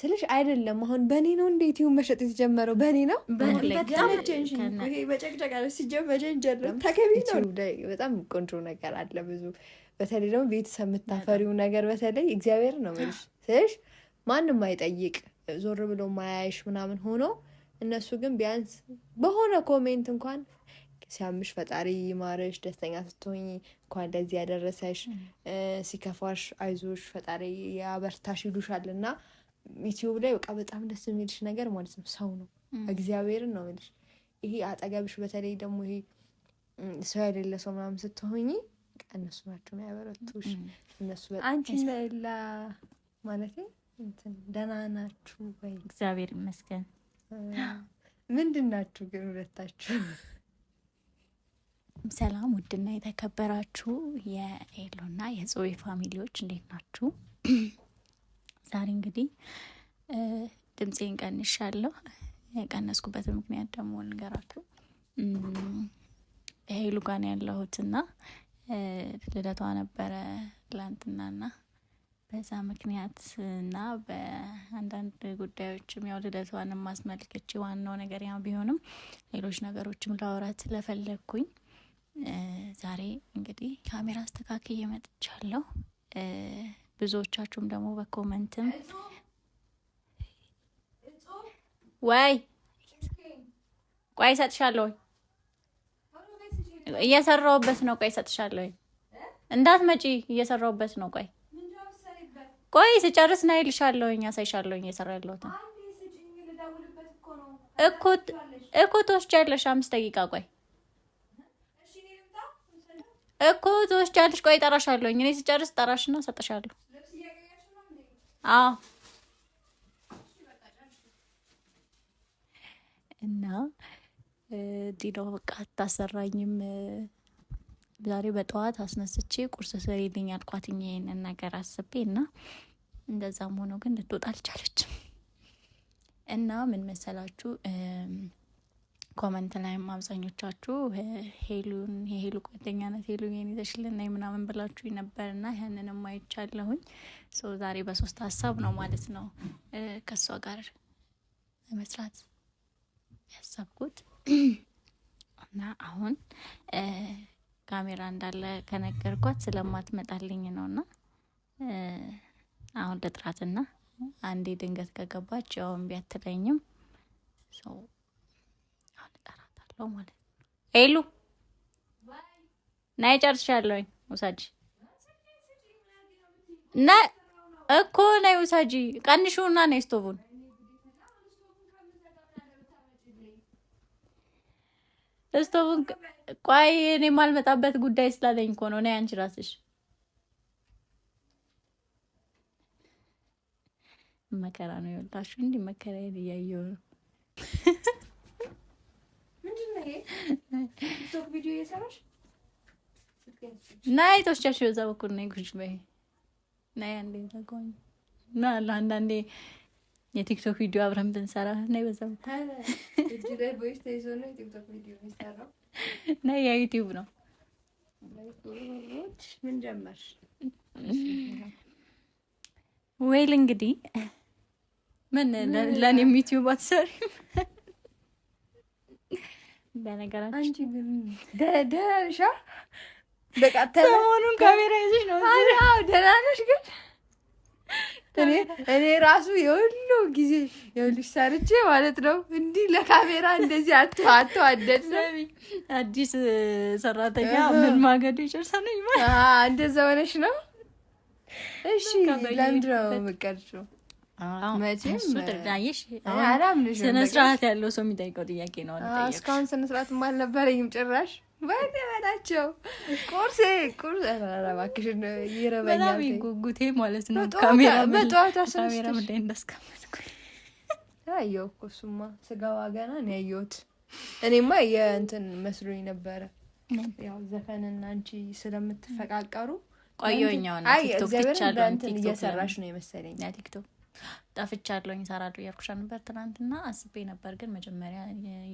ስልሽ አይደለም አሁን በእኔ ነው እንዴት ይሁን መሸጥ የተጀመረው በእኔ ነው። በጣም መጨቅጨቅ አለ ሲጀመጀንጀለ ተገቢ ነው። በጣም ቆንጆ ነገር አለ ብዙ በተለይ ደግሞ ቤተሰብ የምታፈሪው ነገር በተለይ እግዚአብሔር ነው የምልሽ ስልሽ ማንም አይጠይቅ ዞር ብሎ ማያይሽ ምናምን ሆኖ እነሱ ግን ቢያንስ በሆነ ኮሜንት እንኳን ሲያምሽ ፈጣሪ ይማርሽ፣ ደስተኛ ስትሆኝ እንኳን ለዚህ ያደረሰሽ፣ ሲከፋሽ አይዞሽ ፈጣሪ ያበርታሽ ይሉሻል እና ዩቲዩብ ላይ በቃ በጣም ደስ የሚልሽ ነገር ማለት ነው ሰው ነው፣ እግዚአብሔርን ነው የሚልሽ። ይሄ አጠገብሽ በተለይ ደግሞ ይሄ ሰው የሌለ ሰው ምናምን ስትሆኝ እነሱ ናቸው የሚያበረቱሽ። እነሱ አንቺ ላ ማለት ደህና ናችሁ ወይ? እግዚአብሔር ይመስገን። ምንድን ናችሁ ግን ሁለታችሁ? ሰላም ውድና የተከበራችሁ የኤሎና የጽዌ ፋሚሊዎች እንዴት ናችሁ? ዛሬ እንግዲህ ድምፄን ቀንሻለሁ። የቀነስኩበት ምክንያት ደግሞ ልንገራችሁ። ሄሉ ጋን ያለሁት ያለሁትና ልደቷ ነበረ ና በዛ ምክንያት እና በአንዳንድ ጉዳዮችም ያው ልደቷን ማስመልከች ዋናው ነገር ያው ቢሆንም ሌሎች ነገሮችም ላውራት ስለፈለግኩኝ ዛሬ እንግዲህ ካሜራ አስተካክዬ መጥቻለሁ። ብዙዎቻችሁም ደግሞ በኮመንትም ወይ ቆይ እሰጥሻለሁ እየሰራሁበት ነው። ቆይ እሰጥሻለሁ እንዳት መጪ እየሰራሁበት ነው። ቆይ ቆይ ስጨርስ ና ይልሻለሁኝ፣ ያሳይሻለሁኝ እየሰራ ያለሁትን እኮ ትወስጃለሽ። አምስት ደቂቃ ቆይ እኮ ትወስጃለሽ። ቆይ እጠራሻለሁኝ እኔ ስጨርስ እጠራሽና እሰጥሻለሁ። አዎ እና ዲኖ በቃ አታሰራኝም። ዛሬ በጠዋት አስነስቼ ቁርስ ስሪልኝ አልኳትኝ ይህንን ነገር አስቤ እና እንደዛም ሆኖ ግን ልትወጣ አልቻለችም። እና ምን መሰላችሁ ኮመንት ላይም አብዛኞቻችሁ ሄሉን የሄሉ ጓደኛ ሄሉን ሄሉ ምናምን ብላችሁ ነበር እና ያንንም አይቻለሁኝ። ሰው ዛሬ በሶስት ሀሳብ ነው ማለት ነው ከእሷ ጋር መስራት ያሰብኩት እና አሁን ካሜራ እንዳለ ከነገርኳት ስለማትመጣልኝ ነው እና አሁን ልጥራትና አንዴ ድንገት ከገባች ያው እምቢ አትለኝም። የምትገባው ማለት ነው። ሄሉ ናይ ጨርሻለሁኝ። ውሳጂ ና እኮ ናይ ውሳጂ ቀንሹና ናይ ስቶቡን ስቶቡን ቆይ እኔ ማልመጣበት ጉዳይ ስላለኝ እኮ ነው። ናይ አንቺ ራስሽ መከራ ነው የወጣሽው። እንዲህ መከራ እያየሁ ነው። ናይ ተወስቻቸው በዛ በኩል ናይ ጉጅ በይ ናይ አንዴ ተቆኝ እና አንዳንዴ የቲክቶክ ቪዲዮ አብረን ብንሰራ ናይ በዛ ናይ የዩቲዩብ ነው ወይል እንግዲህ ምን ለእኔም ዩቲዩብ አትሰሪም በነገራችን ደህና በቃ ሰሞኑን ካሜራ ይዘሽ ነው። ደህና ነሽ ግን እኔ እኔ ራሱ የሁሉ ጊዜ የሁልሽ ሰርቼ ማለት ነው። እንዲህ ለካሜራ እንደዚህ አቶ አቶ አደድ ነው። አዲስ ሰራተኛ ምን ማገዶ ይጨርሰነኝ ማለት እንደዛ ሆነሽ ነው። እሺ ለምንድን ነው የምትቀርሺው? ስነስርዓት ያለው ሰው የሚጠይቀው ጥያቄ ነው። እስካሁን ስነስርዓት አልነበረኝም ጭራሽ። በናቸው ቁርሴ ቁርስ እባክሽ ይረበኛል። ጉጉቴ ማለት ነው በጠዋቷ ካሜራ ምንድን እንዳስቀመጥኩ ያየው እኮ እሱማ ስጋዋ ገና ነው ያየሁት። እኔማ የእንትን መስሎኝ ነበረ ያው ዘፈንና አንቺ ስለምትፈቃቀሩ ቆየኛው ቲክቶክ እየሰራሽ ነው የመሰለኝ ቲክቶክ ጠፍቻ አለውኝ እሰራለሁ እያልኩሻ ነበር ትናንትና። አስቤ ነበር ግን መጀመሪያ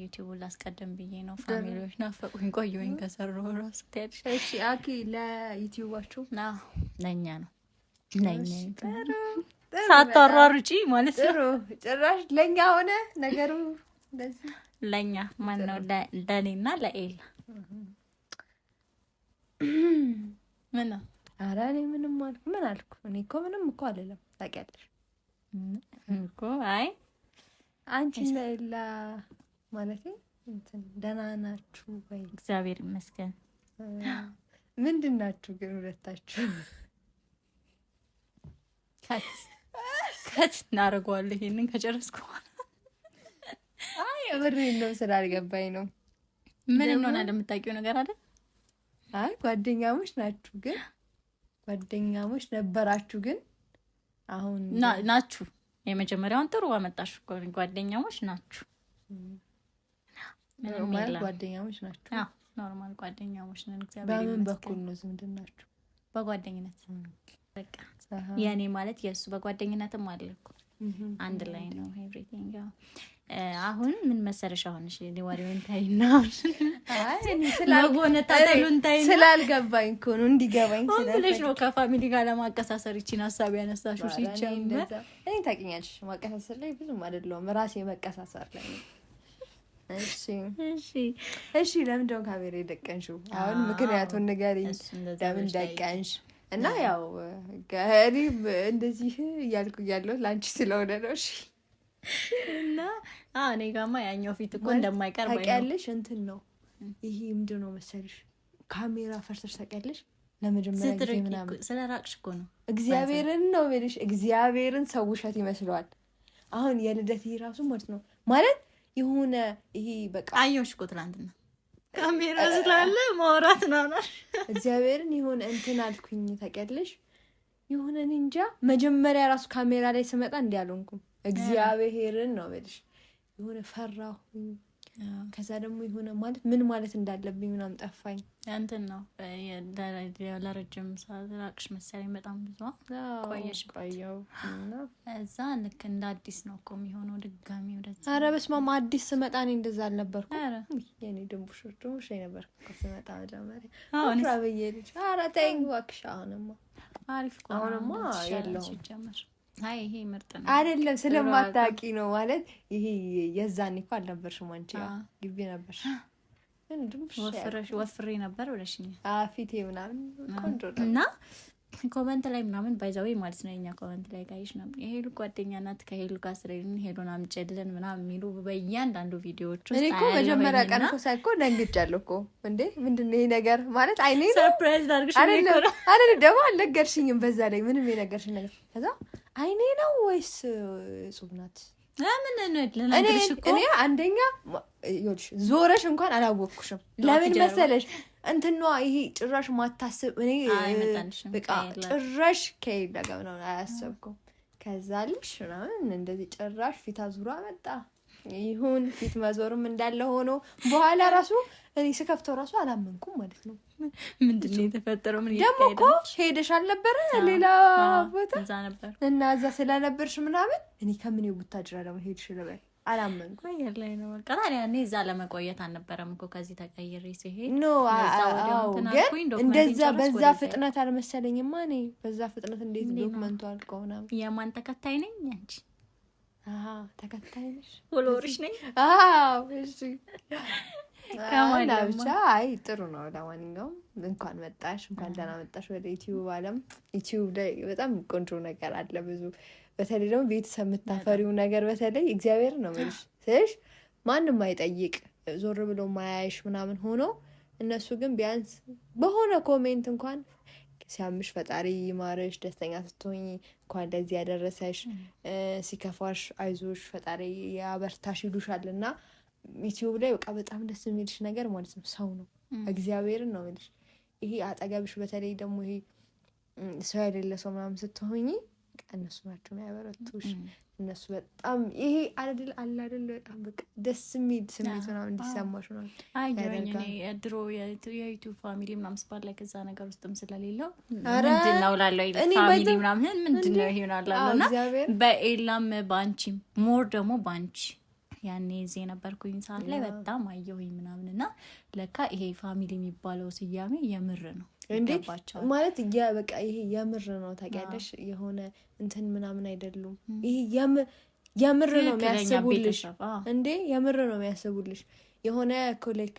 ዩቲዩቡን ላስቀደም ብዬ ነው። ፋሚሊዎች ናፈቁኝ፣ ቆየሁኝ ከሰሩ እራሱ ትያለሽ። አኪ ለዩቲዩባችሁ ለእኛ ነው ለእኛ ሳታሯሩጪ ማለት ነው። ጭራሽ ለእኛ ሆነ ነገሩ። ለእኛ ማነው? ለእኔና ለኤላ ምን ነው? ኧረ እኔ ምንም አልኩ ምን አልኩ? እኔ እኮ ምንም እኮ አልልም ታውቂያለሽ እኮ አይ አንቺ ላ ማለት እንትን ደህና ናችሁ ወይ? እግዚአብሔር ይመስገን። ምንድን ናችሁ ግን ሁለታችሁ? ከት ከት እናደርገዋለሁ ይሄንን ከጨረስኩ። አይ ብር ነው ስላልገባኝ ነው። ምን እንደሆነ እንደምታውቂው ነገር አለ። አይ ጓደኛሞች ናችሁ ግን ጓደኛሞች ነበራችሁ ግን አሁን ናችሁ የመጀመሪያውን ጥሩ አመጣሽ። ጓደኛሞች ናችሁ፣ ጓደኛሞች ናችሁ፣ ኖርማል ጓደኛሞች ነን። በምን በኩል ነው ዝምድናችሁ? በጓደኝነት በቃ የእኔ ማለት የእሱ በጓደኝነትም አለ እኮ አንድ ላይ ነው ኤቭሪቲንግ አሁን ምን መሰረሻ ሆንሽ? ሊዋሪው እንታይና ስላልገባኝ እኮ ነው እንዲገባኝ ብለሽ ነው ከፋሚሊ ጋር ለማቀሳሰር ይችን ሀሳብ ያነሳሹ ሲጀመር እኔ ታውቂኛለሽ፣ ማቀሳሰር ላይ ብዙም አይደለሁም ራሴ መቀሳሰር ላይ እሺ፣ እሺ። ለምን ደሞ ካሜራ የደቀንሽው? አሁን ምክንያቱን ንገሪኝ፣ ለምን ደቀንሽ? እና ያው ገሪብ እንደዚህ እያልኩ እያለሁ ለአንቺ ስለሆነ ነው። እሺ እና እኔ ጋማ ያኛው ፊት እኮ እንደማይቀር ታውቂያለሽ። እንትን ነው ይሄ ምንድን ነው መሰልሽ፣ ካሜራ ፈርሰሽ ታውቂያለሽ። ለመጀመሪያ ምናምን ስለ እኮ ነው። እግዚአብሔርን ነው የምልሽ፣ እግዚአብሔርን ሰው ውሸት ይመስለዋል። አሁን የልደት ይሄ ራሱ ማለት ነው ማለት የሆነ ይሄ በቃ አየሁሽ እኮ ትላንትና ካሜራ ስላለ ማውራት ናናል። እግዚአብሔርን የሆነ እንትን አልኩኝ ታውቂያለሽ፣ የሆነ እንጃ መጀመሪያ ራሱ ካሜራ ላይ ስመጣ እንዲህ አልሆንኩም። እግዚአብሔርን ነው በልሽ የሆነ ፈራሁ። ከዛ ደግሞ የሆነ ማለት ምን ማለት እንዳለብኝ ምናምን ጠፋኝ። እንትን ነው ለረጅም ሰዓት ራቅሽ መሰለኝ በጣም ብዙ ቆየሽ ቆየው እዛ ልክ እንደ አዲስ ነው እኮ የሚሆነው ድጋሚ ወደዛ። ኧረ በስመ አብ አዲስ ስመጣ እኔ እንደዛ አልነበርኩ። የኔ ድንቡሽ ድንቡሽ ነበር ስመጣ መጀመሪያ ብዬ ልጅ ኧረ ተይኝ እባክሽ አሁንማ አሪፍ አሁንማ የለውም አይደለም ስለማታውቂ ነው ማለት ይሄ የዛን እኮ አልነበርሽም አንቺ ግቢ ነበርሽ ወፍሬ ነበር ብለሽኝ ፊቴ ምናምን ቆንጆ እና ኮመንት ላይ ምናምን ባይዛዊ ማለት ነው የኛ ኮመንት ላይ ጋይሽ ነው የሄሉ ጓደኛ ናት ከሄሉ ጋር ስለሄድን ሄሉን አምጪልን ምናምን የሚሉ በእያንዳንዱ ቪዲዮዎች ውስጥ እኮ መጀመሪያ ቀን እኮ ሳይ ደንግጫለሁ እኮ እንዴ ምንድን ነው ይሄ ነገር ማለት አይኔ ሰርፕራይዝ አድርግሽ አይደለም ደግሞ አልነገርሽኝም በዛ ላይ ምንም የነገርሽኝ ነገር ከዛ አይኔ ነው ወይስ እጹብ ናት? እኔ አንደኛ ዞረሽ እንኳን አላወቅኩሽም። ለምን መሰለሽ እንትኗ ይሄ ጭራሽ ማታስብ እኔ በቃ ጭራሽ ከሄድ ነገር አያሰብኩም። ከዛ ልሽ ምናምን እንደዚህ ጭራሽ ፊታ ዙራ መጣ ይሁን ፊት መዞርም እንዳለ ሆኖ በኋላ ራሱ እኔ ስከፍተው ራሱ አላመንኩም ማለት ነው። ምንድን ነው የተፈጠረው? ምን ደግሞ እኮ ሄደሽ አልነበረ ሌላ ቦታ እና እዛ ስለነበርሽ ምናምን እኔ ከምን ቡታጅራ ደግሞ ሄድሽ ልበል አላመንኩም። ላይ ነው በቃ ታዲያ እኔ እዛ ለመቆየት አልነበረም እኮ ከዚህ ተቀይሬ ሲሄድ ኖ ግን እንደዛ በዛ ፍጥነት አልመሰለኝማ። እኔ በዛ ፍጥነት እንዴት ዶክመንቱ አልቀውና የማን ተከታይ ነኝ አንቺ ተከታይ ነሽ ፎሎወርሽ ነኝ። እሺ እና ብቻ አይ ጥሩ ነው። ለማንኛውም እንኳን መጣሽ፣ እንኳን ደህና መጣሽ ወደ ዩቲዩብ ዓለም። ዩቲዩብ ላይ በጣም ቆንጆ ነገር አለ ብዙ፣ በተለይ ደግሞ ቤተሰብ የምታፈሪው ነገር በተለይ እግዚአብሔር ነው የምልሽ ስልሽ ማንም አይጠይቅ ዞር ብሎ ማያይሽ ምናምን ሆኖ እነሱ ግን ቢያንስ በሆነ ኮሜንት እንኳን ሲያምሽ ፈጣሪ ይማርሽ፣ ደስተኛ ስትሆኝ እንኳን ለዚህ ያደረሰሽ፣ ሲከፋሽ አይዞሽ ፈጣሪ ያበርታሽ ይሉሻል። እና ዩትዩብ ላይ በቃ በጣም ደስ የሚልሽ ነገር ማለት ነው ሰው ነው እግዚአብሔርን ነው የሚልሽ። ይሄ አጠገብሽ በተለይ ደግሞ ይሄ ሰው የሌለ ሰው ምናምን ስትሆኝ በቃ እነሱ ናቸው የሚያበረቱሽ። እነሱ በጣም ይሄ አላደል አላደል በጣም በቃ ደስ የሚል ስሜት ነው እንዲሰማሽ ነው። አይ ድሮ የዩቱብ ፋሚሊ ምናምን ስባል ላይ ከዛ ነገር ውስጥም ስለሌለው ምንድን ነው ላለው ፋሚሊ ምናምን ምንድን ነው ይሆናል እና በኤላም በአንቺም ሞር ደግሞ በአንቺ ያኔ እዚህ የነበርኩኝ ሰዓት ላይ በጣም አየሁኝ ምናምን እና ለካ ይሄ ፋሚሊ የሚባለው ስያሜ የምር ነው እንዴ ማለት በቃ ይሄ የምር ነው ታውቂያለሽ። የሆነ እንትን ምናምን አይደሉም። ይሄ የምር ነው የሚያስቡልሽ እንዴ የምር ነው የሚያስቡልሽ የሆነ ኮሌክ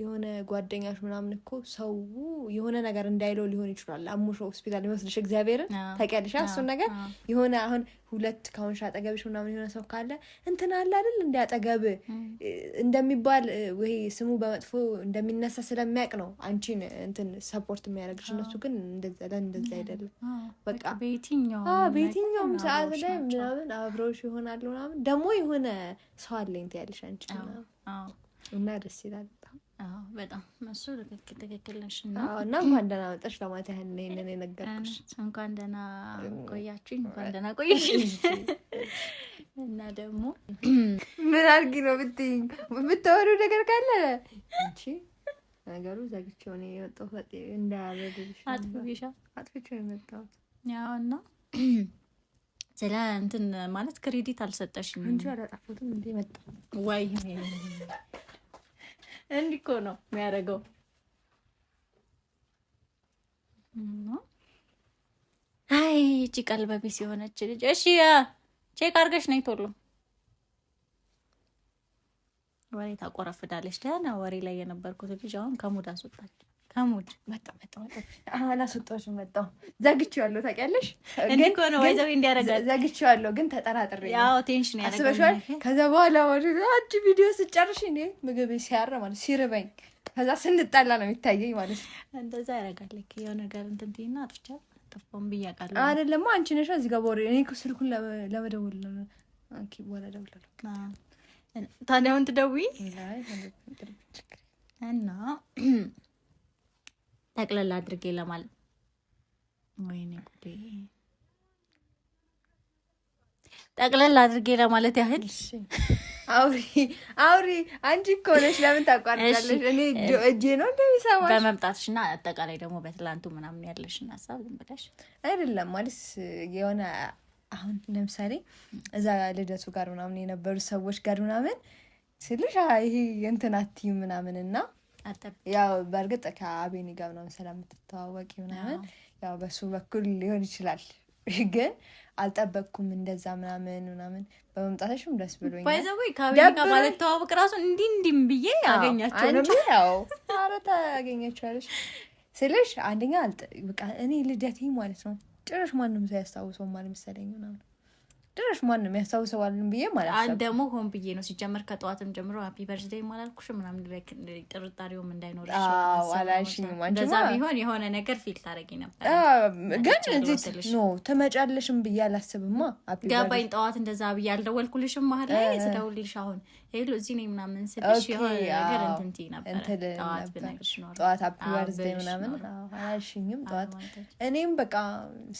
የሆነ ጓደኛሽ ምናምን እኮ ሰው የሆነ ነገር እንዳይለው ሊሆን ይችላል። አሞሽ ሆስፒታል ሊወስድሽ እግዚአብሔርን ታውቂያለሽ። እሱን ነገር የሆነ አሁን ሁለት ከአሁንሽ አጠገብሽ ምናምን የሆነ ሰው ካለ እንትን አለ አይደል እንደ አጠገብ እንደሚባል ወይ ስሙ በመጥፎ እንደሚነሳ ስለሚያውቅ ነው አንቺን እንትን ሰፖርት የሚያደርግሽ። እነሱ ግን እንደዘለን እንደዚ አይደለም። በቃ በየትኛውም ሰዓት ላይ ምናምን አብረውሽ ይሆናሉ ምናምን ደግሞ የሆነ ሰው አለኝ ትያለሽ አንቺ እና ደስ ይላል በጣም በጣም እሱ ትክክል ትክክል ነሽ። እና እንኳን ደህና መጣሽ ለማለት ያህል ነው ይሄንን የነገርኩሽ። እንኳን ደህና ቆያችሁኝ፣ እንኳን ደህና ቆይሽ። እና ደግሞ ምን አድርጊ ነው ብትይኝ የምታወሪው ነገር ካለ እንቺ ነገሩ ዘግቼው ነው ፈጥ እንዳያረግልሽ አጥፍሻ አጥፍቼው የመጣሁት ያው እና ስለ እንትን ማለት ክሬዲት አልሰጠሽም እንጂ አላጠፋሁትም እንደ መጣ ወይ እንዲህ ነው የሚያደርገው። አይ እቺ ቢስ የሆነች ልጅ። እሺ ቼክ አድርገሽ ነኝ ቶሎ። ወሬ ታቆረፍዳለች። ደህና ወሬ ላይ የነበርኩት ልጅ አሁን ከሙድ አስወጣች። ከሙድ መጣ መጣ መጣ አላስወጣሁሽም። መጣሁ ዘግቼዋለሁ። ታውቂያለሽ እንዲህ ከሆነ ወይዘዊ እንዲያደርጋል ዘግቼዋለሁ፣ ግን ተጠራጥሬ ያው ቴንሽን ያደርጋል። አስበሽዋል። ከዛ በኋላ ማለት አንቺ ቪዲዮ ስጨርሽ እኔ ምግብ ሲያረ ማለት ሲርበኝ ከዛ ስንጣላ ነው የሚታየኝ ማለት እንደዛ ያረጋልክ ልክ የሆነ ነገር እንትን ትይና አጥፍቻ ጠፋም ብዬሽ አውቃለሁ። አንቺ ነሽ እዚህ ጋር ወሬ እኔ እኮ ስልኩን ለመደወል አንቺ በኋላ እደውላለሁ። ታዲያ አሁን ትደውይ እና ጠቅለል አድርጌ ለማለት ወይኔ ጉዴ ጠቅለል አድርጌ ለማለት ያህል አውሪ አውሪ። አንቺ እኮ ነሽ ለምን ታቋርጫለሽ? እኔ እጄ ነው እንደሚሰማሽ በመምጣትሽ እና አጠቃላይ ደግሞ በትላንቱ ምናምን ያለሽን ሀሳብ ዝም ብለሽ አይደለም ማለት የሆነ አሁን ለምሳሌ እዛ ልደቱ ጋር ምናምን የነበሩ ሰዎች ጋር ምናምን ስልሽ ይሄ እንትን አትይም ምናምን እና ያው በእርግጥ ከአቤኒ ጋር ምናምን ስለምትተዋወቂ ምናምን ያው በሱ በኩል ሊሆን ይችላል፣ ግን አልጠበቅኩም እንደዛ ምናምን ምናምን። በመምጣታሽም ደስ ብሎኝ ይዘ ከአቤኒ ጋር ባልተዋወቅ ራሱ እንዲህ እንዲህም ብዬ አገኛቸው ያው ኧረ ታገኛቸዋለሽ ስልሽ አንደኛ በቃ እኔ ልደቴ ማለት ነው ጭራሽ ማንም ሰው ያስታውሰው ማል መሰለኝ ምናምን ድረሽ ማንም ያስታውሰዋልን ብዬ ማለት ደግሞ ሆን ብዬ ነው ሲጀመር ከጠዋትም ጀምሮ ሀፒ በርዝዴ ማላልኩሽ ምናምን ጥርጣሬውም እንዳይኖር አላልሽኝም። እንደዛ ቢሆን የሆነ ነገር ፊል ታደረጊ ነበር፣ ግን እዚህ ኖ ትመጫለሽም ብዬ አላስብማ። ገባኝ። ጠዋት እንደዛ ብዬ አልደወልኩልሽም መሀል ላይ ስደውልልሽ አሁን ሄሎ እዚህ ነኝ ምናምን ስልሽ የሆነ ነገር እንትን ትይ ነበር። ጠዋት ብነግርሽ ኖሮ ጠዋት ሀፒ በርዝደይ ምናምን አላልሽኝም። ጠዋት እኔም በቃ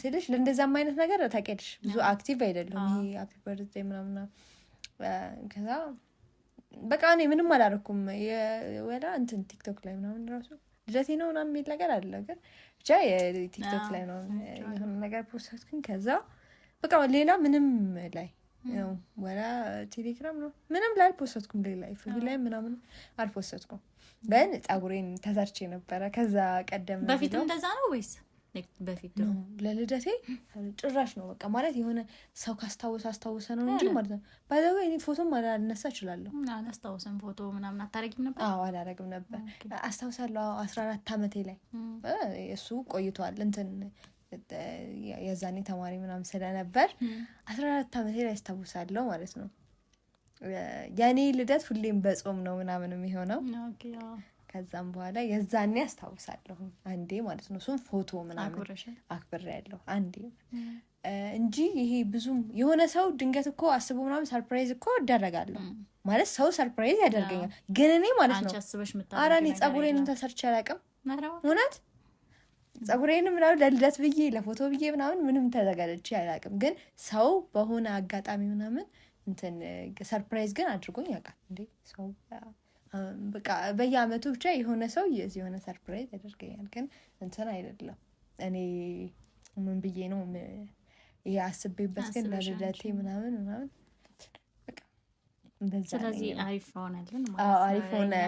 ስልሽ ለእንደዛም አይነት ነገር ታውቂያለሽ ብዙ አክቲቭ አይደለሁም ይሄ ሀፒ በርዝዴ ምናምና ከዛ በቃ እኔ ምንም አላደረኩም። ወላ እንትን ቲክቶክ ላይ ምናምን ራሱ ልደቴ ነው ምናምን የሚል ነገር አለ፣ ግን ብቻ የቲክቶክ ላይ ነው የሆነ ነገር ግን ከዛ በቃ ሌላ ምንም ላይ ነው ወላ ቴሌግራም ነው ምንም ላይ አልፖስተትኩም። ሌላ ፍግ ላይ ምናምን አልፖስተትኩም። በን ጸጉሬን ተሰርቼ ነበረ ከዛ ቀደም በፊት እንደዛ ነው ወይስ በፊት ነው ለልደቴ ጭራሽ ነው በቃ ማለት የሆነ ሰው ካስታወሰ አስታወሰ ነው እንጂ ማለት ነው። ባይዘዌ እኔ ፎቶም አላነሳ እችላለሁ። አላስታወሰም ፎቶ ምናምን አታረጊም ነበር? አዎ አላረግም ነበር። አስታውሳለሁ አስራ አራት ዓመቴ ላይ እሱ ቆይቷል እንትን የዛኔ ተማሪ ምናምን ስለነበር አስራ አራት ዓመቴ ላይ አስታውሳለሁ ማለት ነው። የእኔ ልደት ሁሌም በጾም ነው ምናምን የሚሆነው ከዛም በኋላ የዛኔ ያስታውሳለሁ አንዴ ማለት ነው እሱም ፎቶ ምናምን አክብሬ ያለሁ አንዴ እንጂ ይሄ ብዙም የሆነ ሰው ድንገት እኮ አስቦ ምናምን ሰርፕራይዝ እኮ እደረጋለሁ ማለት ሰው ሰርፕራይዝ ያደርገኛል። ግን እኔ ማለት ነው ኧረ ጸጉሬንም ተሰርቼ አላውቅም እውነት ጸጉሬን ምናምን ለልደት ብዬ ለፎቶ ብዬ ምናምን ምንም ተዘጋጀች አላውቅም። ግን ሰው በሆነ አጋጣሚ ምናምን እንትን ሰርፕራይዝ ግን አድርጎኝ ያውቃል እንዴ ሰው በቃ በየአመቱ ብቻ የሆነ ሰው የዚህ የሆነ ሰርፕራይዝ ያደርገኛል። ግን እንትን አይደለም እኔ ምን ብዬ ነው ያስቤበት አስቤበት ግን ለልደቴ ምናምን ምናምን ስለዚህ አሪፍ ሆነ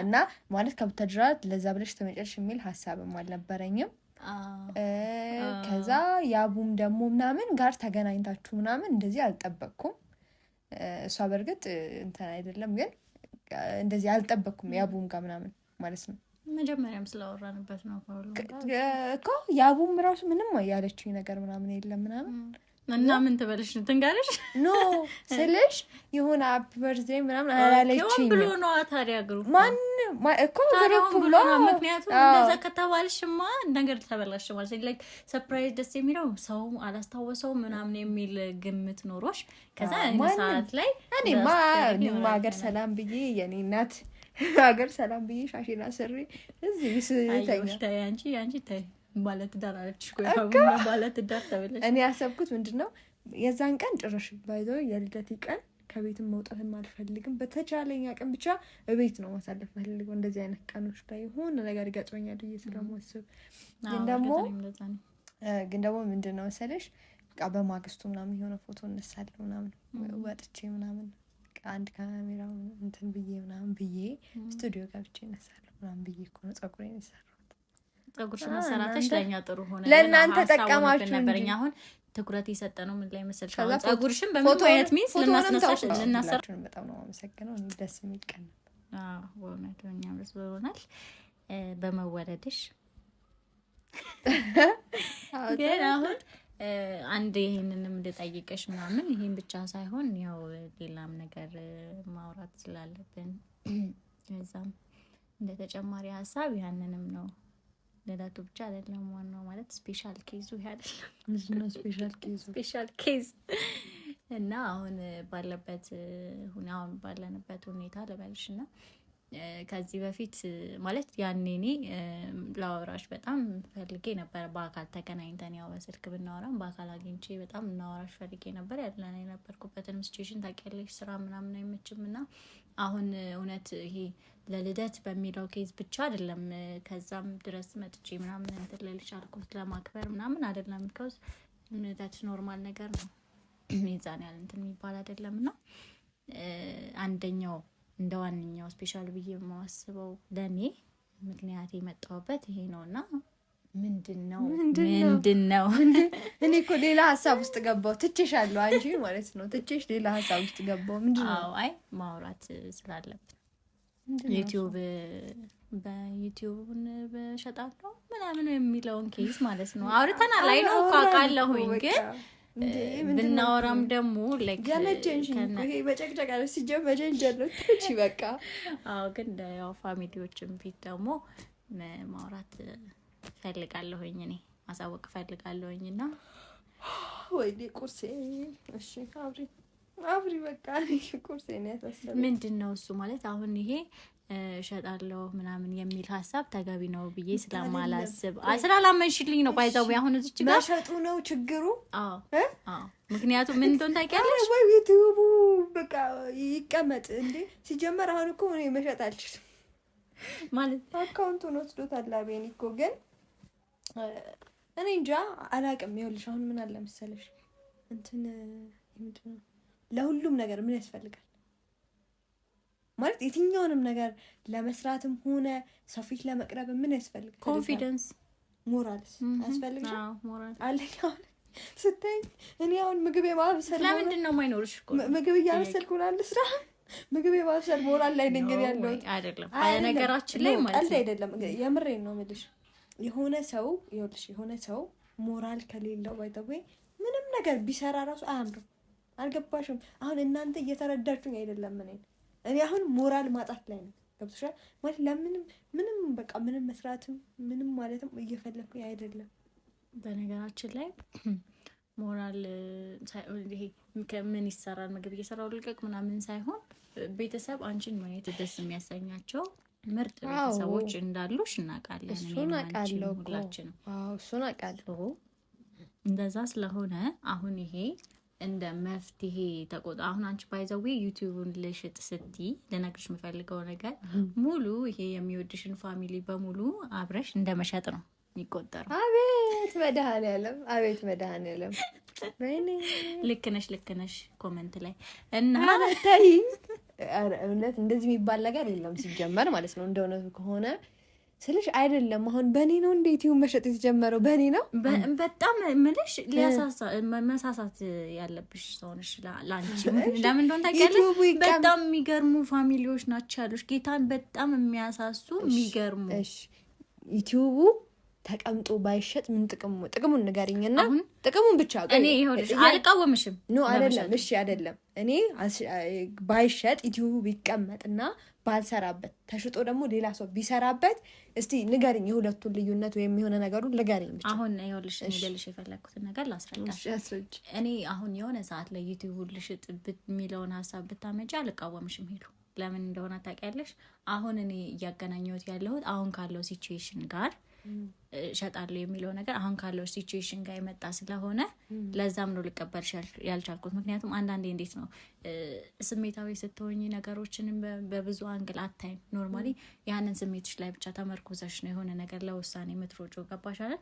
እና ማለት ከቡታጅራት ለዛ ብለሽ ተመጨርሽ የሚል ሀሳብም አልነበረኝም። ከዛ የአቡም ደግሞ ምናምን ጋር ተገናኝታችሁ ምናምን እንደዚህ አልጠበቅኩም። እሷ በእርግጥ እንትን አይደለም ግን እንደዚህ አልጠበቅኩም የአቡም ጋር ምናምን ማለት ነው። መጀመሪያም ስላወራንበት ነው እኮ ያቡም ራሱ ምንም ያለችኝ ነገር ምናምን የለም ምናምን እና ምን ትበልሽ ነው ትንጋለሽ? ኖ ስልሽ የሆነ ሀፒ በርዝዴ ምናምን አላለችኝ ብሎ ነዋ። ታዲያ ግሩ ማን እኮ ግሩፕ ብሎ ምክንያቱም እንደዛ ከተባልሽማ ነገር ተበላሽ ማለት ላይ ሰፕራይዝ ደስ የሚለው ሰው አላስታወሰው ምናምን የሚል ግምት ኖሮሽ ከዛ ሰዓት ላይ እኔማ ሀገር ሰላም ብዬ የኔ እናት ሀገር ሰላም ብዬ ሻሽና ስሪ እዚህ ስተኛ ያንቺ ያንቺ ታይ ባለትዳር አለችሽ እኮ ባለትዳር ተብለሽ። እኔ ያሰብኩት ምንድን ነው የዛን ቀን ጭራሽ ባይዘ የልደት ቀን ከቤትም መውጣትም አልፈልግም። በተቻለኝ አቅም ብቻ እቤት ነው ማሳለፍ ፈልገው። እንደዚህ አይነት ቀኖች ላይ የሆነ ነገር ገጥሞኛል ብዬ ስለማስብ ግን ደግሞ ግን ደግሞ ምንድን ነው መሰለሽ በቃ በማግስቱ ምናምን የሆነ ፎቶ እነሳለሁ ምናምን ወጥቼ ምናምን አንድ ካሜራ እንትን ብዬ ምናምን ብዬ ስቱዲዮ ገብቼ እነሳለሁ ምናምን ብዬ እኮ ነው ፀጉሬን የሰራው ፀጉርሽ መሰራተሽ ለእኛ ጥሩ ሆነ፣ ለእናንተ ጠቀማችሁ ነበር። እኛ አሁን ትኩረት የሰጠ ነው ምን ላይ መሰልሽ፣ ጸጉርሽን በምን አይነት ሚንስ ልናስነሳሽ ልናሰራ። በጣም ነው አመሰግነው። ደስ የሚል ቀን በእውነቱ እኛም ደስ ብሎናል በመወለድሽ። ግን አሁን አንድ ይሄንንም ልጠይቅሽ ምናምን ይሄን ብቻ ሳይሆን ያው ሌላም ነገር ማውራት ስላለብን እዛም እንደ ተጨማሪ ሀሳብ ያንንም ነው ለላቱ ብቻ አይደለም ዋናው ማለት ስፔሻል ኬዙ አይደለም ስፔሻል ኬዝ እና አሁን ባለበት አሁን ባለንበት ሁኔታ ልበልሽ እና ከዚህ በፊት ማለት ያኔ እኔ ላወራሽ በጣም ፈልጌ ነበረ። በአካል ተገናኝተን ያው በስልክ ብናወራም በአካል አግኝቼ በጣም እናወራሽ ፈልጌ ነበር። ያለን የነበርኩበትን ሲቹዌሽን ታውቂያለሽ፣ ስራ ምናምን አይመችም እና አሁን እውነት ይሄ ለልደት በሚለው ኬዝ ብቻ አይደለም። ከዛም ድረስ መጥቼ ምናምን እንትን ልልሽ አልኩት ለማክበር ምናምን አይደለም። ቢካዝ እምነታች ኖርማል ነገር ነው። ሚዛን ያል እንትን የሚባል አይደለም እና አንደኛው እንደ ዋነኛው ስፔሻል ብዬ የማስበው ለእኔ ምክንያት የመጣሁበት ይሄ ነው እና ምንድን ነው ምንድን ነው? እኔ እኮ ሌላ ሀሳብ ውስጥ ገባሁ። ትቼሻለሁ አንቺ ማለት ነው። ትቼሽ ሌላ ሀሳብ ውስጥ ገባው። ምንድን ነው? አይ ማውራት ስላለብን ዩቲዩብ በዩቲዩብን በሸጣለው ምናምን የሚለውን ኬስ ማለት ነው አውርተናል። ላይ ነው ካቃለሁኝ ግን ብናወራም ደግሞ በጨቅጨቅ ሲጀመጀንጀሎች በቃ አዎ። ግን ያው ፋሚሊዎችን ፊት ደግሞ ማውራት ፈልጋለሁኝ እኔ ማሳወቅ ፈልጋለሁኝ እና ወይኔ ቁርሴ እሺ አብሪ አብሪ በቃ ቁርስ ያሳሰበ ምንድን ነው እሱ ማለት አሁን ይሄ እሸጣለሁ ምናምን የሚል ሀሳብ ተገቢ ነው ብዬ ስለማላስብ ስላላመንሽልኝ ነው። ባይዛ አሁን እዚች ጋር መሸጡ ነው ችግሩ። ምክንያቱም ምን እንደሆነ ታውቂያለሽ ወይ? ዩቲዩቡ በቃ ይቀመጥ እንዴ ሲጀመር። አሁን እኮ እኔ መሸጥ አልችልም ማለት አካውንቱን ወስዶታል። አቤኔ እኮ ግን እኔ እንጃ አላቅም። ይኸውልሽ አሁን ምን አለ መሰለሽ እንትን ምንድን ነው ለሁሉም ነገር ምን ያስፈልጋል ማለት የትኛውንም ነገር ለመስራትም ሆነ ሰው ፊት ለመቅረብ ምን ያስፈልጋል? ኮንፊደንስ፣ ሞራልስ ያስፈልግ አለ። ስታይ እኔ አሁን ምግብ የማብሰል ለምንድን ነው የማይኖርሽ? ምግብ እያበሰልኩ ምናምን ልስራ ምግብ የማብሰል ሞራል ላይ ነኝ ያለሁት አይደለም። ነገራችን ላይ ማለት አይደለም፣ የምሬን ነው የምልሽ። የሆነ ሰው ይኸውልሽ፣ የሆነ ሰው ሞራል ከሌለው ባይተወይ ምንም ነገር ቢሰራ ራሱ አያምርም። አልገባሽም? አሁን እናንተ እየተረዳችሁኝ አይደለም። እኔን እኔ አሁን ሞራል ማጣት ላይ ነው። ገብቶሻል ማለት ለምንም ምንም በቃ ምንም መስራትም ምንም ማለትም እየፈለኩኝ አይደለም። በነገራችን ላይ ሞራል ይሄ ከምን ይሰራል ምግብ እየሰራው ልቀቅ ምናምን ሳይሆን ቤተሰብ አንቺን ማየት ደስ የሚያሰኛቸው ምርጥ ቤተሰቦች እንዳሉሽ እናውቃለን። እሱን አውቃለሁ፣ ሁላችንም እሱን አውቃለሁ። እንደዛ ስለሆነ አሁን ይሄ እንደ መፍትሄ ተቆጣ። አሁን አንቺ ባይዘዊ ዩቲዩብን ልሽጥ ስቲ ልነግርሽ የምፈልገው ነገር ሙሉ ይሄ የሚወድሽን ፋሚሊ በሙሉ አብረሽ እንደ መሸጥ ነው የሚቆጠረው አቤት መድኃኔዓለም፣ አቤት መድኃኔዓለም። ልክ ነሽ፣ ልክ ነሽ። ኮመንት ላይ እና እውነት እንደዚህ የሚባል ነገር የለም ሲጀመር ማለት ነው እንደሆነ ከሆነ ስልሽ አይደለም አሁን በእኔ ነው እንዴት ይሁን መሸጥ የተጀመረው በእኔ ነው። በጣም ምልሽ መሳሳት ያለብሽ ሰውነሽ ለአንቺ ለምን እንደሆነ ታውቂያለሽ። በጣም የሚገርሙ ፋሚሊዎች ናቸው ያሉሽ። ጌታን በጣም የሚያሳሱ የሚገርሙ ዩቲዩቡ ተቀምጦ ባይሸጥ ምን ጥቅሙ ጥቅሙን ንገሪኝና ጥቅሙን ብቻ እኔ አልቃወምሽም። ኖ አይደለም፣ እሺ አይደለም። እኔ ባይሸጥ ዩቲዩቡ ቢቀመጥና ባልሰራበት ተሽጦ ደግሞ ሌላ ሰው ቢሰራበት፣ እስቲ ንገርኝ፣ የሁለቱን ልዩነት ወይም የሆነ ነገሩን ንገርኝ። አሁን ይኸውልሽ ልሽ የፈለግኩትን ነገር ላስረዳሽ። እኔ አሁን የሆነ ሰዓት ላይ ዩቲዩብ ልሽጥ የሚለውን ሀሳብ ብታመጪ አልቃወምሽም ሄዱ። ለምን እንደሆነ ታውቂያለሽ። አሁን እኔ እያገናኘሁት ያለሁት አሁን ካለው ሲቹዌሽን ጋር እሸጣለሁ የሚለው ነገር አሁን ካለው ሲቹዌሽን ጋር የመጣ ስለሆነ ለዛም ነው ልቀበል ያልቻልኩት። ምክንያቱም አንዳንዴ እንዴት ነው ስሜታዊ ስትሆኝ ነገሮችን በብዙ አንግል አታይም። ኖርማሊ ያንን ስሜትሽ ላይ ብቻ ተመርኩዘሽ ነው የሆነ ነገር ለውሳኔ ምትሮጮ ገባሻለን?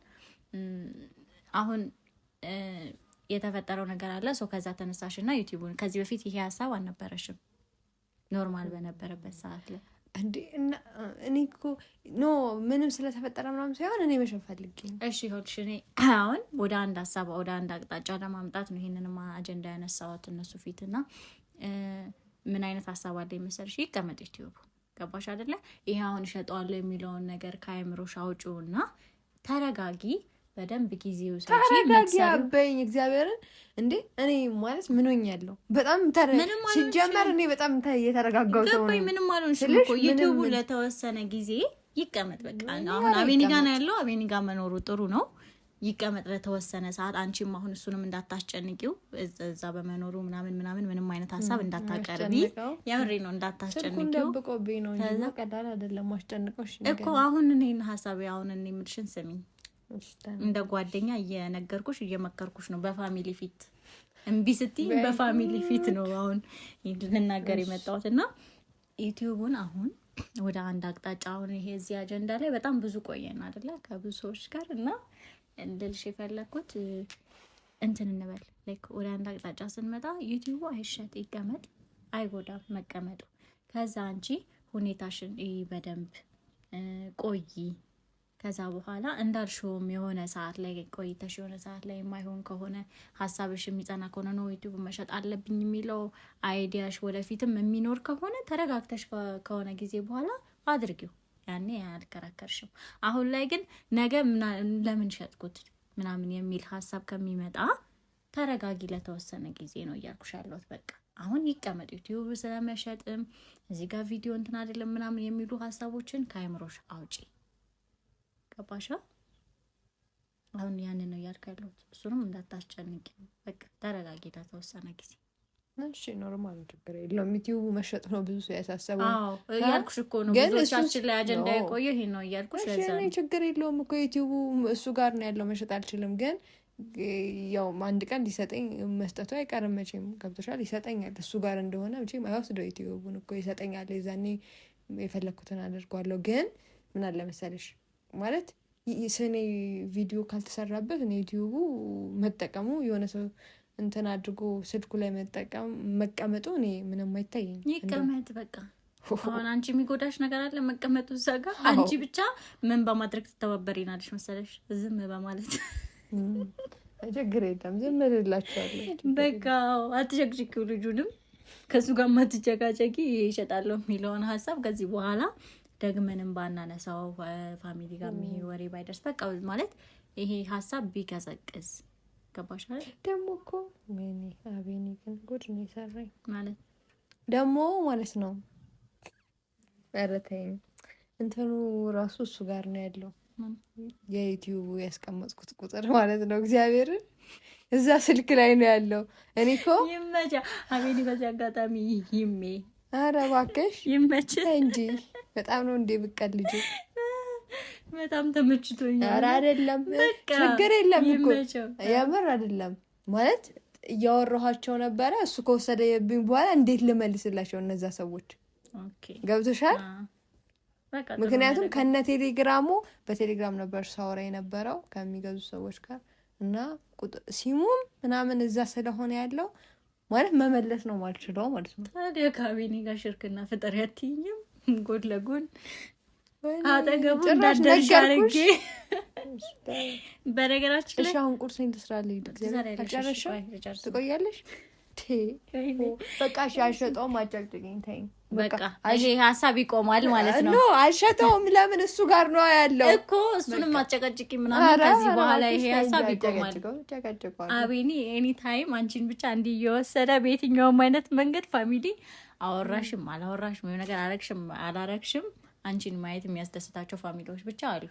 አሁን የተፈጠረው ነገር አለ ሰው ከዛ ተነሳሽና ዩቲቡን ከዚህ በፊት ይሄ ሀሳብ አልነበረሽም ኖርማል በነበረበት ሰዓት ላይ እንዴ እኔ እኮ ኖ ምንም ስለተፈጠረ ምናምን ሳይሆን እኔ መሸን ፈልጌ እሺ ይኸውልሽ፣ እኔ አሁን ወደ አንድ ሀሳብ ወደ አንድ አቅጣጫ ለማምጣት ነው ይሄንንማ አጀንዳ ያነሳዋት እነሱ ፊት እና ምን አይነት ሀሳብ አለ መሰለሽ? ይቀመጥ ዩቲዩብ ገባሽ አይደለ? ይሄ አሁን እሸጠዋለሁ የሚለውን ነገር ከአእምሮሽ አውጪውና ተረጋጊ። በደንብ ጊዜ ተረጋጊያበኝ እግዚአብሔርን እንዴ እኔ ማለት ምኖኝ ያለው በጣም ሲጀመር እኔ በጣም እየተረጋጋው ሰው ምንም አልሆንሽም እኮ ዩቲዩቡ ለተወሰነ ጊዜ ይቀመጥ በቃ አሁን አቤኒጋ ነው ያለው አቤኒጋ መኖሩ ጥሩ ነው ይቀመጥ ለተወሰነ ሰዓት አንቺም አሁን እሱንም እንዳታስጨንቂው እዛ በመኖሩ ምናምን ምናምን ምንም አይነት ሀሳብ እንዳታቀርቢ የምሬ ነው እንዳታስጨንቂው እኮ አሁን እኔን ሀሳብ አሁን እኔ የምልሽን ስሚኝ እንደ ጓደኛ እየነገርኩሽ እየመከርኩሽ ነው። በፋሚሊ ፊት እምቢ ስትይ በፋሚሊ ፊት ነው አሁን ልናገር የመጣሁት እና ዩቲዩቡን አሁን ወደ አንድ አቅጣጫ አሁን ይሄ እዚህ አጀንዳ ላይ በጣም ብዙ ቆየን አይደለ? ከብዙ ሰዎች ጋር እና ልልሽ የፈለግኩት እንትን እንበል ላይክ ወደ አንድ አቅጣጫ ስንመጣ ዩቲዩቡ አይሸጥ ይቀመጥ አይጎዳም መቀመጡ። ከዛ አንቺ ሁኔታሽን በደንብ ቆይ ከዛ በኋላ እንዳልሽውም የሆነ ሰዓት ላይ ቆይተሽ የሆነ ሰዓት ላይ የማይሆን ከሆነ ሀሳብሽ የሚጸና ከሆነ ነው ዩቱብ መሸጥ አለብኝ የሚለው አይዲያሽ ወደፊትም የሚኖር ከሆነ ተረጋግተሽ ከሆነ ጊዜ በኋላ አድርጊው። ያኔ አልከራከርሽም። አሁን ላይ ግን ነገ ለምን ሸጥኩት ምናምን የሚል ሀሳብ ከሚመጣ ተረጋጊ ለተወሰነ ጊዜ ነው እያልኩሽ ያለሁት። በቃ አሁን ይቀመጥ ዩቲዩብ ስለመሸጥም እዚህ ጋር ቪዲዮ እንትን አይደለም ምናምን የሚሉ ሀሳቦችን ከአይምሮሽ አውጪ። ገባሻ? አሁን ያንን ነው እያልኩ ያለሁት። እሱንም እንዳታስጨንቂ በቃ ተረጋጊ፣ ለተወሰነ ጊዜ እሺ። ኖርማል ችግር የለውም። ዩቲዩቡ መሸጥ ነው ብዙ ሰው ያሳሰበው እያልኩሽ እኮ ነው። ብዙዎቻችን ላይ አጀንዳ የቆየ ይሄ ነው እያልኩሽ። ችግር የለውም እኮ ዩቲዩቡ እሱ ጋር ነው ያለው። መሸጥ አልችልም ግን ያው አንድ ቀን ሊሰጠኝ መስጠቱ አይቀርም መቼም። ገብቶሻል? ይሰጠኛል እሱ ጋር እንደሆነ መቼም አይወስደው ዩቲዩቡን እኮ ይሰጠኛል። የዛኔ የፈለግኩትን አድርጓለሁ። ግን ምን አለ መሰለሽ ማለት ስኔ ቪዲዮ ካልተሰራበት እኔ ዩቲዩቡ መጠቀሙ የሆነ ሰው እንትን አድርጎ ስልኩ ላይ መጠቀም መቀመጡ እኔ ምንም አይታየኝ። ይቀመጥ በቃ። አሁን አንቺ የሚጎዳሽ ነገር አለ መቀመጡ እዛ ጋር። አንቺ ብቻ ምን በማድረግ ትተባበሪናለሽ መሰለሽ? ዝም በማለት ችግር የለም ዝም እላቸዋለሁ። በቃ አትጨቅጭቂው ልጁንም ከእሱ ጋር ማትጨቃጨቂ ይሸጣለሁ የሚለውን ሀሳብ ከዚህ በኋላ ደግመንም ባናነሳው ፋሚሊ ጋር ይሄ ወሬ ባይደርስ በቃ ማለት ይሄ ሀሳብ ቢቀዘቅዝ ገባሽ ደግሞ እኮ ወይኔ ግን ጉድ ነው የሰራኝ ማለት ደግሞ ማለት ነው። ረተኝ እንትኑ ራሱ እሱ ጋር ነው ያለው የዩቲዩቡ ያስቀመጥኩት ቁጥር ማለት ነው። እግዚአብሔርን እዛ ስልክ ላይ ነው ያለው። እኔ እኮ ይመቻ አቤኔ በዚህ አጋጣሚ ይሜ አረ እባክሽ ይመችሽ እንጂ በጣም ነው እንዴ ብቀልጂ? በጣም ተመችቶኛል። ኧረ አይደለም፣ ችግር የለም እኮ የምር አይደለም ማለት እያወራኋቸው ነበረ። እሱ ከወሰደብኝ በኋላ እንዴት ልመልስላቸው እነዛ ሰዎች ገብቶሻል? ምክንያቱም ከነ ቴሌግራሙ በቴሌግራም ነበር ሳወራ የነበረው ከሚገዙ ሰዎች ጋር እና ሲሙም ምናምን እዛ ስለሆነ ያለው ማለት መመለስ ነው ማልችለው ማለት ነው። ታዲያ ካቢኔ ጋር ሽርክና ፍጠር ያትኝም ጎን ለጎን አጠገቡ እንዳደርሽ አድርጌ በነገራችን ላይ አሁን ቁርሰኝ ትስራለህ ትቆያለሽ። በቃ ሻሸጠው ማጨቅጭቅኝ ተይኝ በቃ ይሄ ሀሳብ ይቆማል ማለት ነው። አልሸተውም። ለምን እሱ ጋር ነው ያለው እኮ እሱንም አጨቀጭቂ ምናምን። ከዚህ በኋላ ይሄ ሀሳብ ይቆማል። አቤኒ ኤኒ ታይም አንቺን ብቻ እንዲህ እየወሰደ በየትኛውም አይነት መንገድ ፋሚሊ አወራሽም አላወራሽም ወይም ነገር አረግሽም አላረግሽም አንቺን ማየት የሚያስደስታቸው ፋሚሊዎች ብቻ አሉ።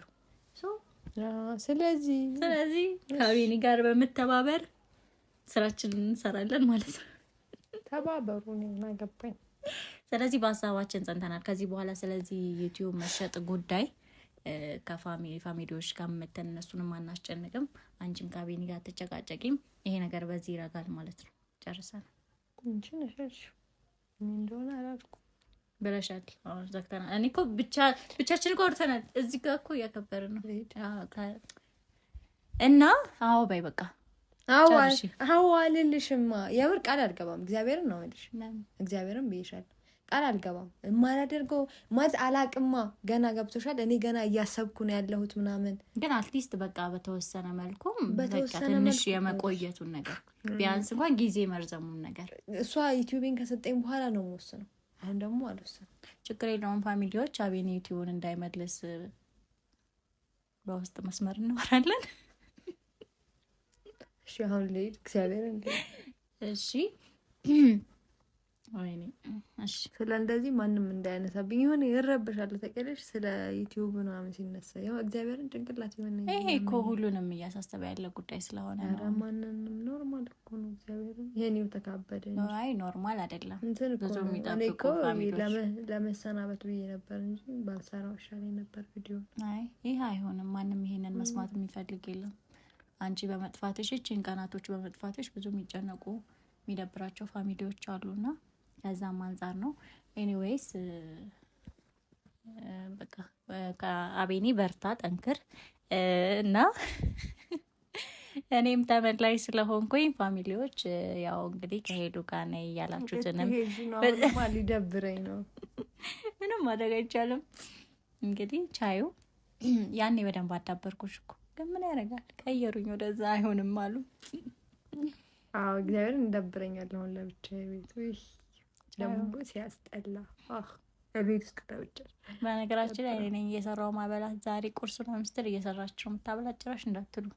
ስለዚህ ስለዚህ ከአቤኒ ጋር በመተባበር ስራችንን እንሰራለን ማለት ነው። ተባበሩ። ገባኝ ስለዚህ በሀሳባችን ጸንተናል። ከዚህ በኋላ ስለዚህ ዩቲዩብ መሸጥ ጉዳይ ከፋሚሊ ፋሚሊዎች ጋር መተን እነሱንም አናስጨንቅም። አንቺም ከቤኒ ጋር አትጨቃጨቂም። ይሄ ነገር በዚህ ይረጋል ማለት ነው። ጨርሰናል። እንደሆነ አላልኩም ብለሻል። አሁን ዘግተናል። እኔ እኮ ብቻችን ቆርተናል። እዚህ ጋር እኮ እያከበር ነው እና አዎ በይ በቃ አዎ አልልሽማ። የምር ቃል አልገባም። እግዚአብሔርን ነው የምልሽ። እግዚአብሔርን ብዬሻለሁ ቃል አልገባም። የማላደርገው ማለት አላቅማ ገና ገብቶሻል። እኔ ገና እያሰብኩ ነው ያለሁት ምናምን። ግን አትሊስት በቃ በተወሰነ መልኩም ትንሽ የመቆየቱን ነገር ቢያንስ እንኳን ጊዜ መርዘሙን ነገር እሷ ዩቲዩብን ከሰጠኝ በኋላ ነው የምወስነው። አሁን ደግሞ አልወስንም። ችግር የለውም። ፋሚሊዎች አቤን ዩቲዩብን እንዳይመልስ በውስጥ መስመር እንወራለን። እሺ አሁን ልሂድ። እግዚአብሔር እሺ ስለ እንደዚህ ማንም እንዳያነሳብኝ የሆነ ይረብሻል። ተቀደሽ ስለ ዩቲዩብ ምናምን ሲነሳ ያው እግዚአብሔርን ጭንቅላት የሆነ ይሄ እኮ ሁሉንም እያሳሰበ ያለ ጉዳይ ስለሆነ ማንንም ኖርማል እኮ ነው። እግዚአብሔርን ይህኒው ተካበደ። አይ ኖርማል አይደለም። ብዙ የሚጠብቁ ለመሰናበት ብዬ ነበር እንጂ ባልሰራው ይሻለኝ ነበር ቪዲዮ። አይ ይህ አይሆንም። ማንም ይሄንን መስማት የሚፈልግ የለም። አንቺ በመጥፋትሽ ይህችን ቀናቶች በመጥፋትሽ ብዙ የሚጨነቁ የሚደብራቸው ፋሚሊዎች አሉና ከዛም አንጻር ነው። ኤኒዌይስ በቃ አቤኒ በርታ፣ ጠንክር እና እኔም ተመድ ላይ ስለሆንኩኝ ፋሚሊዎች ያው እንግዲህ ከሄዱ ጋር ነ እያላችሁትንም ሊደብረኝ ነው። ምንም ማድረግ አይቻልም። እንግዲህ ቻዩ ያኔ በደንብ አዳበርኩሽ እኮ ግን ምን ያደርጋል ቀየሩኝ፣ ወደዛ አይሆንም አሉ። አዎ እግዚአብሔር እንደብረኛለሁን ለብቻ ቤት ደግሞ ሲያስጠላ ቤት ውስጥ ተውጫል። በነገራችን ላይ ነኝ እየሰራው ማበላት ዛሬ ቁርስ አምስትል እየሰራች ነው የምታበላት። ጭራሽ እንዳትሉ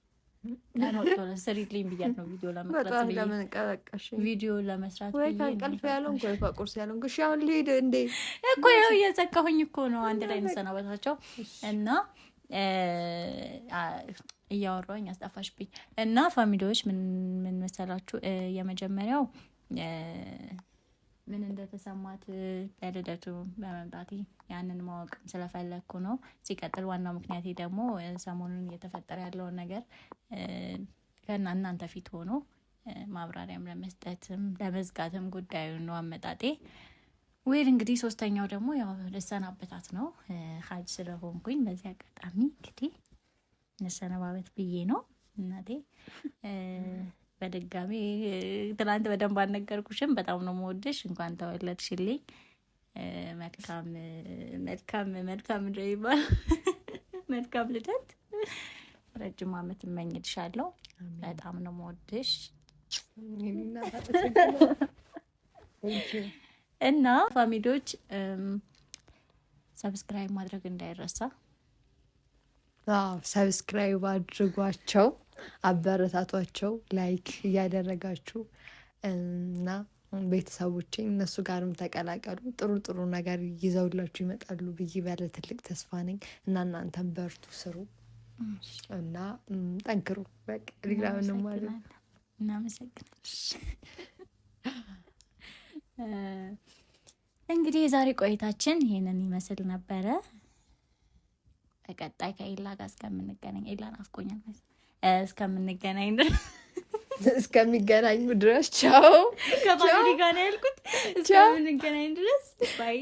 ስሪልኝ ብያት ነው ቪዲዮ ለመቅረጽ ቪዲዮ ለመስራት ወይ ከእንቅልፍ ያለውን ወይ ከቁርስ ያለውን ግሽ አሁን ልሄድ እንዴ እኮ ያው እየጸካሁኝ እኮ ነው። አንድ ላይ እንሰናበታቸው እና እያወራኝ አስጠፋሽብኝ። እና ፋሚሊዎች ምን መሰላችሁ የመጀመሪያው ምን እንደተሰማት ለልደቱ በመምጣቴ ያንን ማወቅ ስለፈለግኩ ነው። ሲቀጥል ዋናው ምክንያቴ ደግሞ ሰሞኑን እየተፈጠረ ያለውን ነገር ከእናንተ ፊት ሆኖ ማብራሪያም ለመስጠትም ለመዝጋትም ጉዳዩ ነው አመጣጤ። ዌል እንግዲህ ሶስተኛው ደግሞ ያው ልሰናበታት ነው ሀጅ ስለሆንኩኝ በዚህ አጋጣሚ እንግዲህ ልሰነባበት ብዬ ነው እናቴ በድጋሚ ትናንት በደንብ አልነገርኩሽም። በጣም ነው መወደሽ። እንኳን ተወለድሽልኝ። መልካም መልካም መልካም ይባል መልካም ልደት፣ ረጅም ዓመት እመኝልሻለሁ። በጣም ነው መወደሽ እና ፋሚሊዎች ሰብስክራይብ ማድረግ እንዳይረሳ ሰብስክራይብ አድርጓቸው፣ አበረታቷቸው፣ ላይክ እያደረጋችሁ እና ቤተሰቦቼ እነሱ ጋርም ተቀላቀሉ። ጥሩ ጥሩ ነገር ይዘውላችሁ ይመጣሉ ብዬ ባለ ትልቅ ተስፋ ነኝ እና እናንተም በርቱ፣ ስሩ እና ጠንክሩ። በቃ ሌላ ምንም ማለት እናመሰግናለን። እንግዲህ የዛሬ ቆይታችን ይህንን ይመስል ነበረ። ቀጣይ ከኤላ ጋር እስከምንገናኝ ኤላ አፍቆኛል እስከምንገናኝ ድረስ እስከሚገናኙ ድረስ ቻው ከፋሚሊ ጋር ያልኩት እስከምንገናኝ ድረስ ባይ